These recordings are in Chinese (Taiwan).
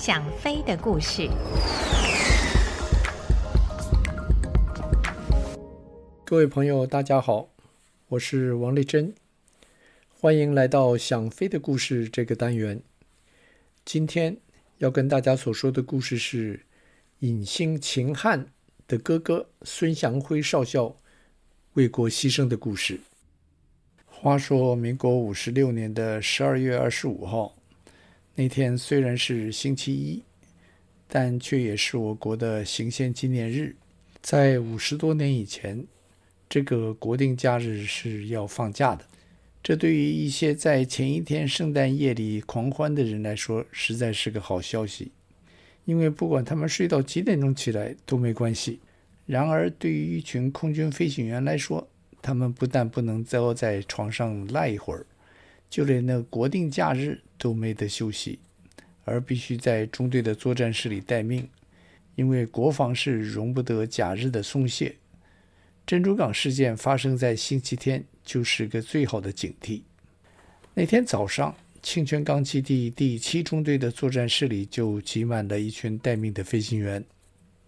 想飛的故事。各位朋友，大家好，我是王麗珍，歡迎來到想飛的故事這個單元。今天要跟大家所說的故事是影星秦漢的哥哥孫祥輝少校為國犧牲的故事。話說，民國五十六年的十二月二十五號。那天雖然是星期一，但卻也是我國的行憲紀念日。在五十多年以前，這個國定假日是要放假的。這對於一些在前一天聖誕夜裡狂歡的人來說，實在是個好消息，因為不管他們睡到幾點鐘起來都沒關係。然而，對於一群空軍飛行員來說，他們不但不能窩在床上賴一會兒，就連那國定假日。都沒得休息，而必須在中隊的作戰室裡待命，因為國防是容不得假日的鬆懈。珍珠港事件發生在星期天，就是個最好的警惕。那天早上，清泉崗基地第七中隊的作戰室裡就擠滿了一群待命的飛行員。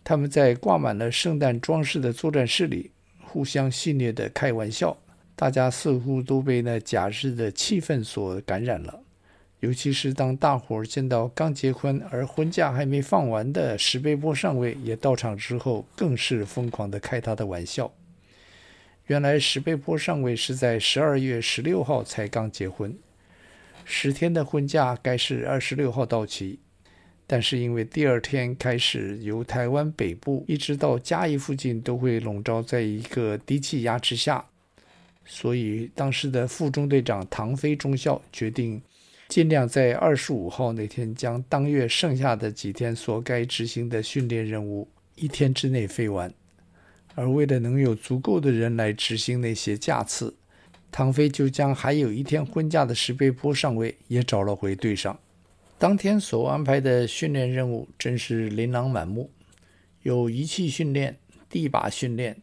他們在掛滿了聖誕裝飾的作戰室裡互相戲謔地開玩笑，大家似乎都被那假日的氣氛所感染了。尤其是當大夥兒見到剛結婚而婚假還沒放完的石貝波上尉也到場之後，更是瘋狂的開他的玩笑。原來石貝波上尉是在十二月十六號才剛結婚，十天的婚假該是二十六號到期，但是因為第二天開始由台灣北部一直到嘉義附近都會籠罩在一個低氣壓之下，所以當時的副中隊長唐飛中校決定。盡量在二十五號那天將當月剩下的幾天所該執行的訓練任務一天之內飛完，而為了能有足夠的人來執行那些架次，唐飛就將還有一天婚假的石培波上尉也找了回隊上。當天所安排的訓練任務真是琳琅滿目，有儀器訓練、地靶訓練，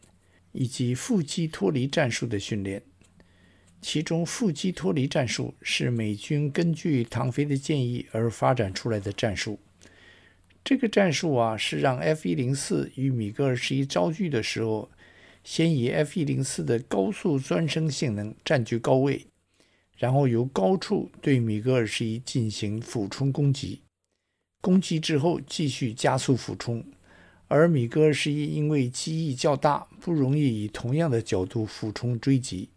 以及副機脫離戰術的訓練。其中，負擊脫離戰術是美軍根據唐飛的建議而發展出來的戰術。這個戰術啊，是讓 F-104 與米格 -21 遭遇的時候，先以 F-104 的高速鑽升性能佔據高位，然後由高處對米格 -21 進行俯衝攻擊。攻擊之後繼續加速俯衝，而米格 -21 因為機翼較大，不容易以同樣的角度俯衝追擊。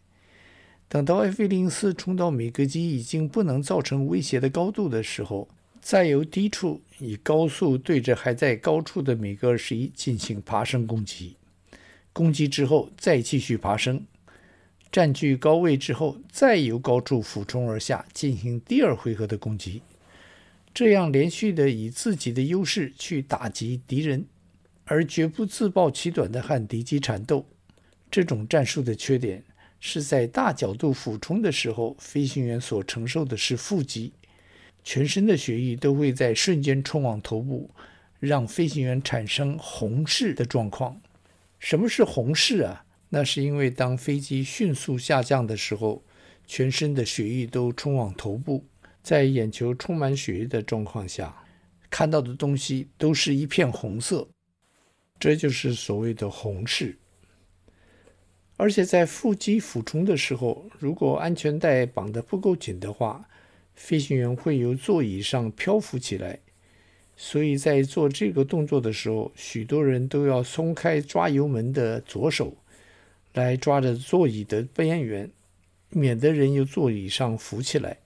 等到 F-104 衝到米格機已經不能造成威脅的高度的時候，再由低處以高速對着還在高處的米格二十一進行爬升攻擊，攻擊之後再繼續爬升，占據高位之後再由高處俯衝而下進行第二回合的攻擊，這樣連續的以自己的優勢去打擊敵人，而絕不自暴其短的和敵機纏鬥，這種戰術的缺點。是在大角度俯衝的時候，飛行員所承受的是負極。全身的血液都會在瞬間衝往頭部，讓飛行員產生紅視的狀況。什麼是紅視啊？那是因為當飛機迅速下降的時候，全身的血液都衝往頭部，在眼球充滿血液的狀況下，看到的東西都是一片紅色，這就是所謂的紅視。而且在腹肌俯衝的時候，如果安全帶綁得不夠緊的話，飛行員會由座椅上漂浮起來。所以在做這個動作的時候，許多人都要鬆開抓油門的左手，來抓着座椅的邊緣，免得人由座椅上浮起來。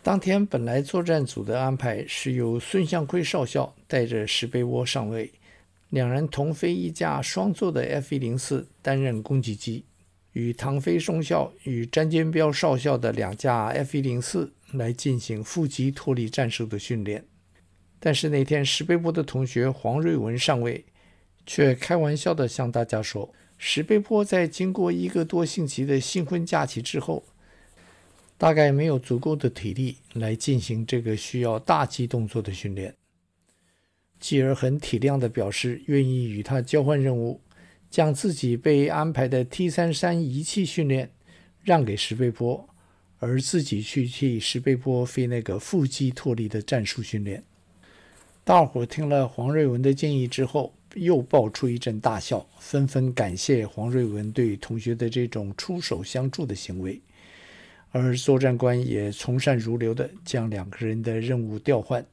當天本來作戰組的安排是由孫祥輝少校帶着石碑窩上尉。兩人同飛一架雙座的 F-104 擔任攻擊機，與唐飛中校與詹軍彪少校的兩架 F-104 來進行副機脫離戰術的訓練。但是那天石貝坡的同學黃瑞文上尉卻開玩笑地向大家說，石貝坡在經過一個多星期的新婚假期之後，大概沒有足夠的體力來進行這個需要大機動作的訓練。繼而很體諒地表示願意與他交換任務，將自己被安排的 T 三三儀器訓練讓給石貝波，而自己去替石貝波飛那個腹肌脫離的戰術訓練。大伙聽了黃瑞文的建議之後，又爆出一陣大笑，紛紛感謝黃瑞文對同學的這種出手相助的行為，而作戰官也從善如流地將兩個人的任務調換。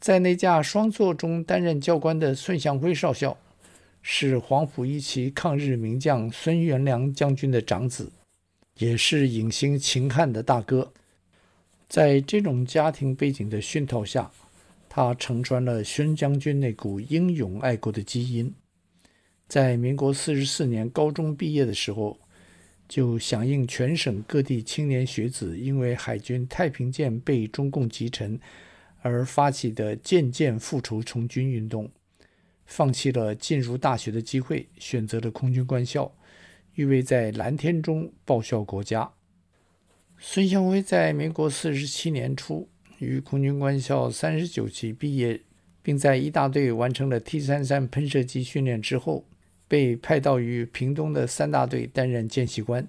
在那架雙座中擔任教官的孫祥輝少校，是黃埔一期抗日名將孫元良將軍的長子，也是影星秦漢的大哥。在這種家庭背景的熏陶下，他承傳了孫將軍那股英勇愛國的基因。在民國四十四年高中畢業的時候，就響應全省各地青年學子，因為海軍太平艦被中共擊沉。而發起的“漸漸復仇從軍”運動，放棄了進入大學的機會，選擇了空軍官校，預備在藍天中報效國家。孫祥輝在民國四十七年初於空軍官校三十九期畢業，並在一大隊完成了 T 三三噴射機訓練之後，被派到於屏東的三大隊擔任見習官。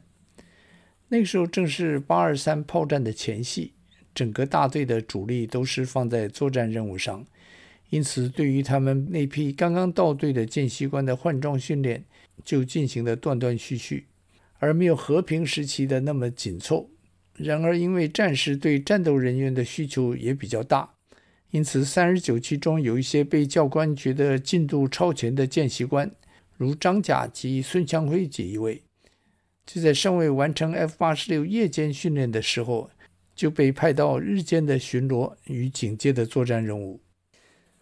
那個時候正是八二三炮戰的前夕。整個大隊的主力都是放在作戰任務上，因此對於他們那批剛剛到隊的見習官的換裝訓練就進行的斷斷續續，而沒有和平時期的那麼緊湊。然而，因為戰時對戰鬥人員的需求也比較大，因此三十九期中有一些被教官覺得進度超前的見習官，如張甲及孫祥輝幾位，就在尚未完成 F 八十六夜間訓練的時候。就被派到日間的巡邏與警戒的作戰任務。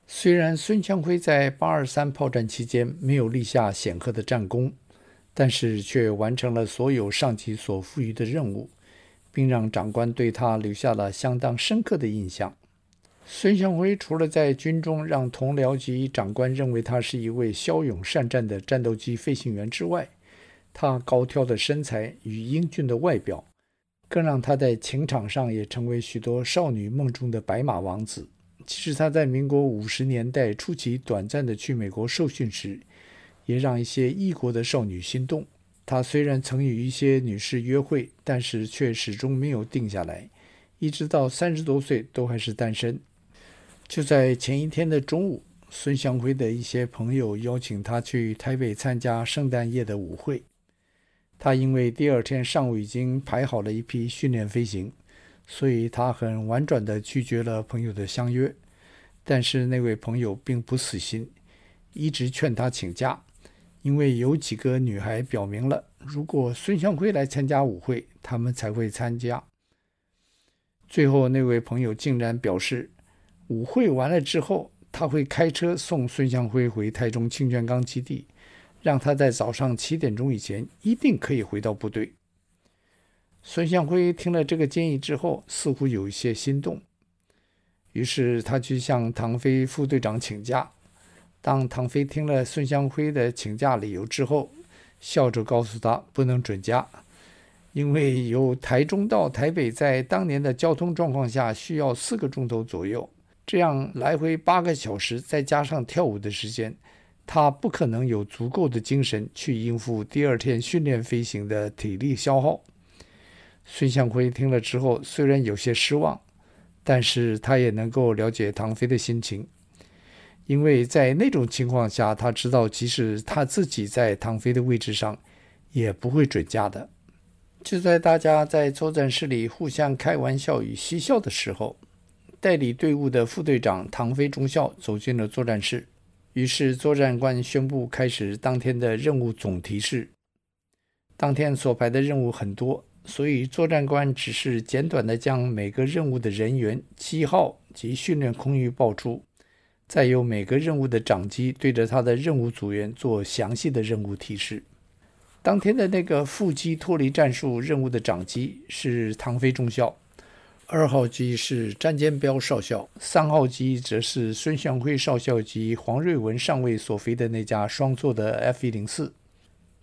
雖然孫祥輝在八二三炮戰期間沒有立下顯赫的戰功，但是卻完成了所有上級所賦予的任務，並讓長官對他留下了相當深刻的印象。孫祥輝除了在軍中讓同僚及長官認為他是一位驍勇善戰的戰鬥機飛行員之外，他高挑的身材與英俊的外表，更讓他在情場上也成為許多少女夢中的白馬王子。其實他在民國五十年代初期短暫的去美國受訓時，也讓一些異國的少女心動。他雖然曾與一些女士約會，但是卻始終沒有定下來，一直到三十多歲都還是單身。就在前一天的中午，孫祥輝的一些朋友邀請他去台北參加聖誕夜的舞會。他因為第二天上午已經排好了一批訓練飛行，所以他很婉轉地拒絕了朋友的相約。但是那位朋友並不死心，一直勸他請假，因為有幾個女孩表明了，如果孫祥輝來參加舞會，他們才會參加。最後那位朋友竟然表示，舞會完了之後，他會開車送孫祥輝回台中清泉崗基地。讓他在早上七點鐘以前一定可以回到部隊。孫祥輝聽了這個建議之後，似乎有一些心動，於是他去向唐飛副隊長請假。當唐飛聽了孫祥輝的請假理由之後，笑着告訴他不能准假，因為由台中到台北在當年的交通狀況下需要四個鐘頭左右，這樣來回八個小時，再加上跳舞的時間。他不可能有足夠的精神去應付第二天訓練飛行的體力消耗。孫祥輝聽了之後，雖然有些失望，但是他也能夠了解唐飛的心情，因為在那種情況下，他知道即使他自己在唐飛的位置上，也不會准假的。就在大家在作戰室裡互相開玩笑與嬉笑的時候，代理隊伍的副隊長唐飛中校走進了作戰室。於是，作戰官宣布開始當天的任務總提示。當天所排的任務很多，所以作戰官只是簡短地將每個任務的人員、機號及訓練空域報出，再由每個任務的長機對着他的任務組員做詳細的任務提示。當天的那個副機脫離戰術任務的長機是唐飛中校。二號機是詹建彪少校，三號機則是孫祥輝少校及黃瑞文上尉所飛的那架雙座的 F-104。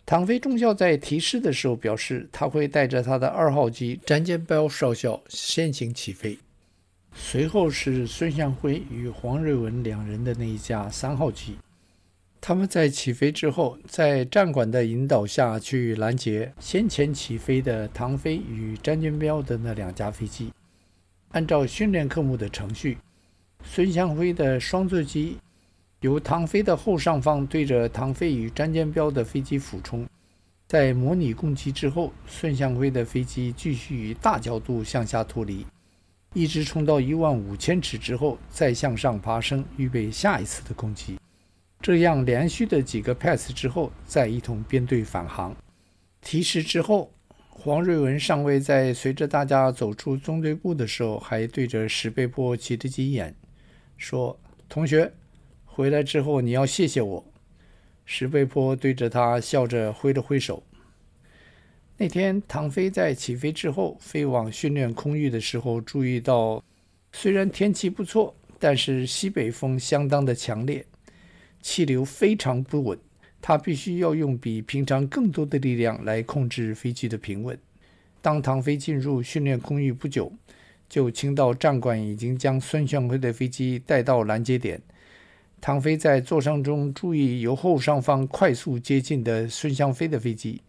唐飛中校在提示的時候表示，他會帶着他的二號機詹建彪少校先行起飛，隨後是孫祥輝與黃瑞文兩人的那一架三號機。他們在起飛之後，在戰管的引導下去攔截先前起飛的唐飛與詹建彪的那兩架飛機。按照訓練科目的程序，孫祥輝的雙座機由唐飛的後上方對着唐飛與詹建標的飛機俯衝，在模擬攻擊之後，孫祥輝的飛機繼續以大角度向下脫離，一直衝到一萬五千尺之後再向上爬升，預備下一次的攻擊。這樣連續的幾個 pass 之後，再一同編隊返航。提示之後。黃瑞文上尉在隨着大家走出中隊部的時候，還對着石貝坡擠了擠眼，說：“同學，回來之後你要謝謝我。”石貝坡對着他笑着揮了揮手。那天，唐飛在起飛之後飛往訓練空域的時候，注意到雖然天氣不錯，但是西北風相當的強烈，氣流非常不穩。他必須要用比平常更多的力量來控制飛機的平穩。當唐飛進入訓練空域不久，就聽到戰管已經將孫祥輝的飛機帶到攔截點。唐飛在座艙中注意由後上方快速接近的孫祥輝的飛機，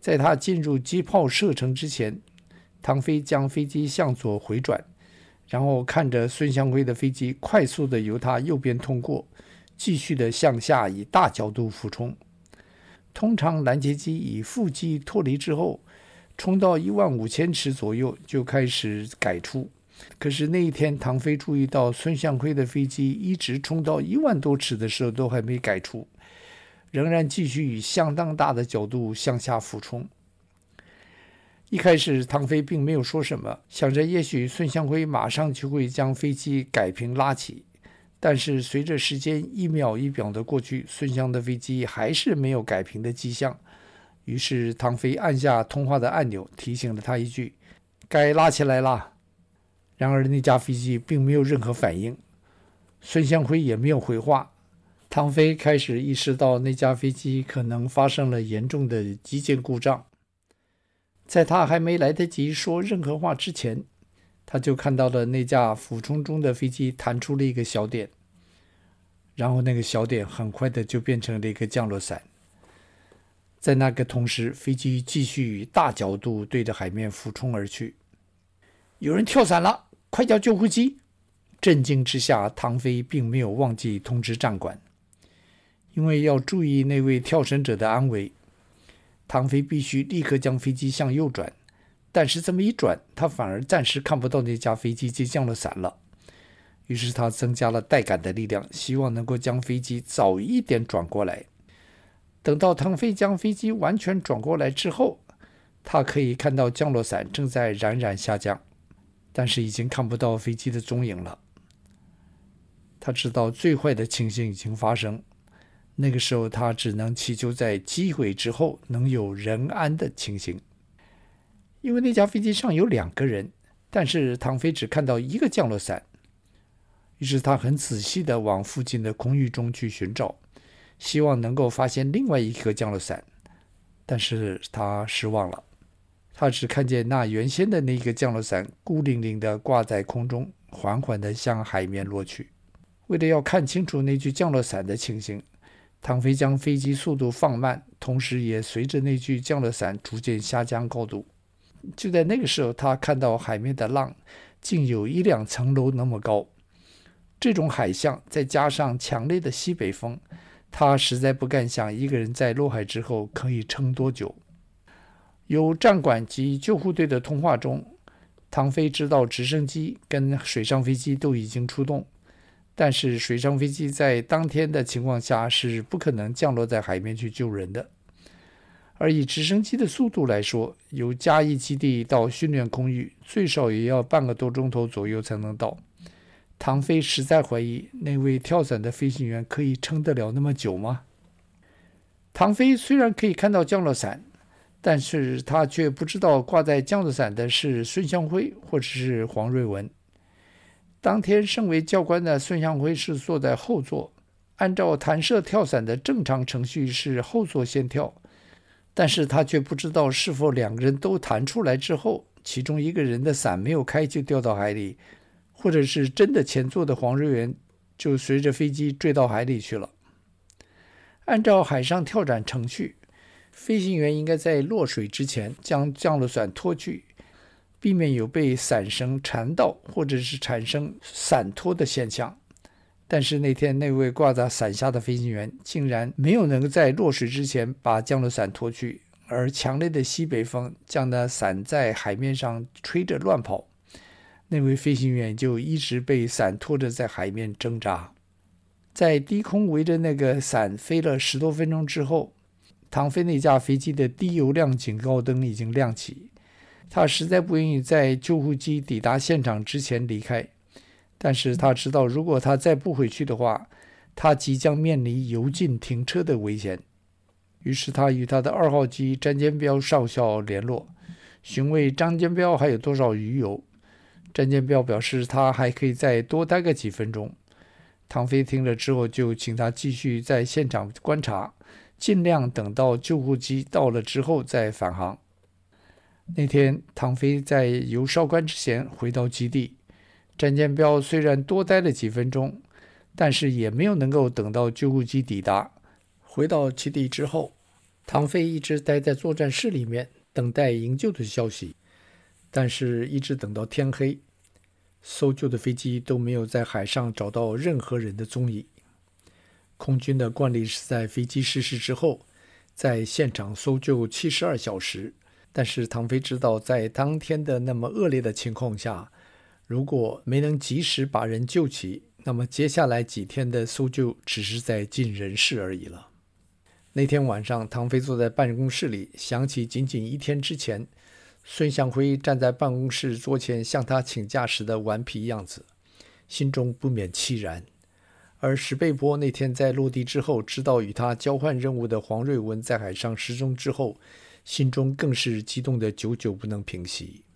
在他進入機炮射程之前，唐飛將飛機向左回轉，然後看着孫祥輝的飛機快速的由他右邊通過。繼續的向下以大角度俯衝，通常攔截機以副機脫離之後，衝到一萬五千尺左右就開始改出。可是那一天，唐飛注意到孫祥輝的飛機一直衝到一萬多尺的時候都還沒改出，仍然繼續以相當大的角度向下俯衝。一開始，唐飛並沒有說什麼，想着也許孫祥輝馬上就會將飛機改平拉起。但是隨着時間一秒一秒的過去，孫祥的飛機還是沒有改平的跡象。於是唐飛按下通話的按鈕，提醒了他一句：“該拉起來了。”然而那架飛機並沒有任何反應，孫祥輝也沒有回話。唐飛開始意識到那架飛機可能發生了嚴重的機件故障。在他還沒來得及說任何話之前，他就看到了那架俯衝中的飛機彈出了一個小點，然後那個小點很快的就變成了一個降落傘。在那個同時，飛機繼續大角度對着海面俯衝而去。有人跳傘了，快叫救護機！震驚之下，唐飛並沒有忘記通知戰管，因為要注意那位跳傘者的安危，唐飛必須立刻將飛機向右轉。但是這麼一轉，他反而暫時看不到那架飛機及降落傘了。於是他增加了帶桿的力量，希望能夠將飛機早一點轉過來。等到騰飛將飛機完全轉過來之後，他可以看到降落傘正在冉冉下降，但是已經看不到飛機的蹤影了。他知道最壞的情形已經發生，那個時候他只能祈求在機毀之後能有人安的情形。因為那架飛機上有兩個人，但是唐飛只看到一個降落傘。於是他很仔細的往附近的空域中去尋找，希望能夠發現另外一個降落傘。但是他失望了，他只看見那原先的那個降落傘孤零零的掛在空中，緩緩的向海面落去。為了要看清楚那具降落傘的情形，唐飛將飛機速度放慢，同時也隨着那具降落傘逐漸下降高度。就在那個時候，他看到海面的浪竟有一兩層樓那麼高。這種海象再加上強烈的西北風，他實在不敢想一個人在落海之後可以撐多久。由戰管及救護隊的通話中，唐飛知道直升機跟水上飛機都已經出動，但是水上飛機在當天的情況下是不可能降落在海面去救人的。而以直升機的速度來說，由嘉義基地到訓練空域，最少也要半個多鐘頭左右才能到。唐飛實在懷疑那位跳傘的飛行員可以撐得了那麼久嗎？唐飛雖然可以看到降落傘，但是他卻不知道掛在降落傘的是孫祥輝或者是黃瑞文。當天身為教官的孫祥輝是坐在後座，按照彈射跳傘的正常程序是後座先跳。但是他卻不知道，是否兩個人都彈出來之後，其中一個人的傘沒有開就掉到海裡，或者是真的前座的黃瑞元就隨着飛機墜到海裡去了。按照海上跳傘程序，飛行員應該在落水之前將降落傘脫去，避免有被傘繩纏到或者是產生傘脫的現象。但是那天那位掛在傘下的飛行員竟然沒有能夠在落水之前把降落傘脫去，而強烈的西北風將那傘在海面上吹着亂跑，那位飛行員就一直被傘拖着在海面掙扎，在低空圍着那個傘飛了十多分鐘之後，唐飛那架飛機的低油量警告燈已經亮起，他實在不願意在救護機抵達現場之前離開。但是他知道，如果他再不回去的話，他即將面臨油盡停車的危險。於是他與他的二號機張建彪少校聯絡，詢問張建彪還有多少餘油。張建彪表示他還可以再多待個幾分鐘。唐飛聽了之後，就請他繼續在現場觀察，儘量等到救護機到了之後再返航。那天，唐飛在油燒光之前回到基地。詹建標雖然多待了幾分鐘，但是也沒有能夠等到救護機抵達。回到基地之後，唐飛一直待在作戰室裡面等待營救的消息，但是，一直等到天黑，搜救的飛機都沒有在海上找到任何人的蹤影。空軍的慣例是在飛機失事之後，在現場搜救七十二小時，但是唐飛知道，在當天的那麼惡劣的情況下。如果沒能及時把人救起，那麼接下來幾天的搜救只是在盡人事而已了。那天晚上，唐飛坐在辦公室裡，想起僅僅一天之前，孫祥輝站在辦公室桌前向他請假時的頑皮樣子，心中不免淒然。而石貝波那天在落地之後，知道與他交換任務的黃瑞文在海上失蹤之後，心中更是激動得久久不能平息。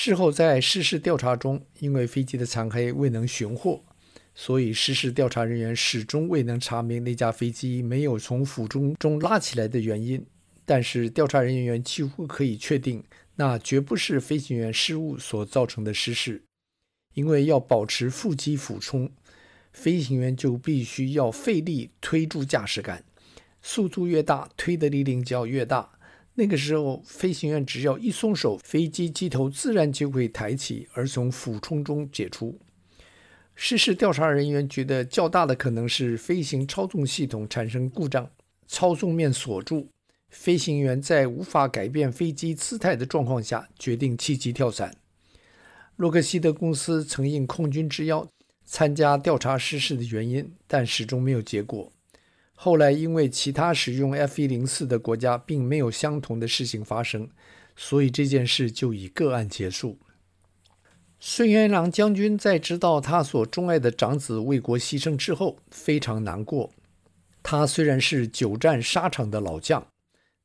事後，在失事調查中，因為飛機的殘骸未能尋獲，所以失事調查人員始終未能查明那架飛機沒有從俯衝中拉起來的原因。但是，調查人員幾乎可以確定，那絕不是飛行員失誤所造成的失事。因為要保持副機俯衝，飛行員就必須要費力推住駕駛桿，速度越大，推的力量就要越大。那個時候，飛行員只要一鬆手，飛機機頭自然就會抬起，而從俯衝中解除。失事調查人員覺得較大的可能是飛行操縱系統產生故障，操縱面鎖住，飛行員在無法改變飛機姿態的狀況下，決定棄機跳傘。洛克希德公司曾應空軍之邀參加調查失事的原因，但始終沒有結果。後來，因為其他使用 F 一零四的國家並沒有相同的事情發生，所以這件事就以個案結束。孫元良將軍在知道他所鍾愛的長子為國犧牲之後，非常難過。他雖然是久戰沙場的老將，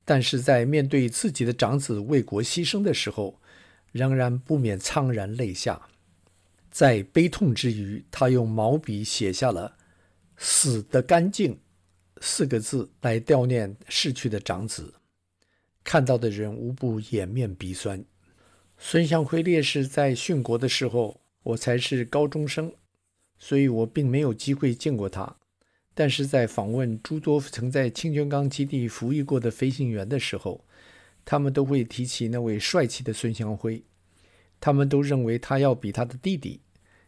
但是在面對自己的長子為國犧牲的時候，仍然不免潸然淚下。在悲痛之餘，他用毛筆寫下了“死得乾淨”。四個字來悼念逝去的長子，看到的人無不掩面鼻酸。孫祥輝烈士在殉國的時候，我才是高中生，所以我並沒有機會見過他。但是在訪問諸多曾在清泉崗基地服役過的飛行員的時候，他們都會提起那位帥氣的孫祥輝，他們都認為他要比他的弟弟，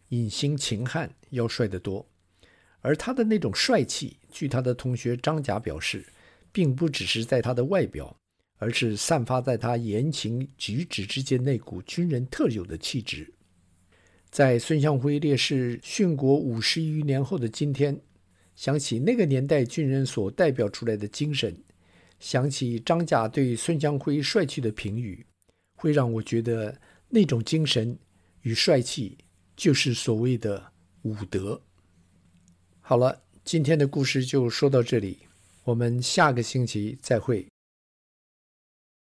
影星秦漢要帥得多，而他的那種帥氣。據他的同學張甲表示，並不只是在他的外表，而是散發在他言行舉止之間那股軍人特有的氣質。在孫祥輝烈士殉國五十餘年後的今天，想起那個年代軍人所代表出來的精神，想起張甲對孫祥輝帥氣的評語，會讓我覺得那種精神與帥氣就是所謂的武德。好了。今天的故事就說到這裡，我們下個星期再會。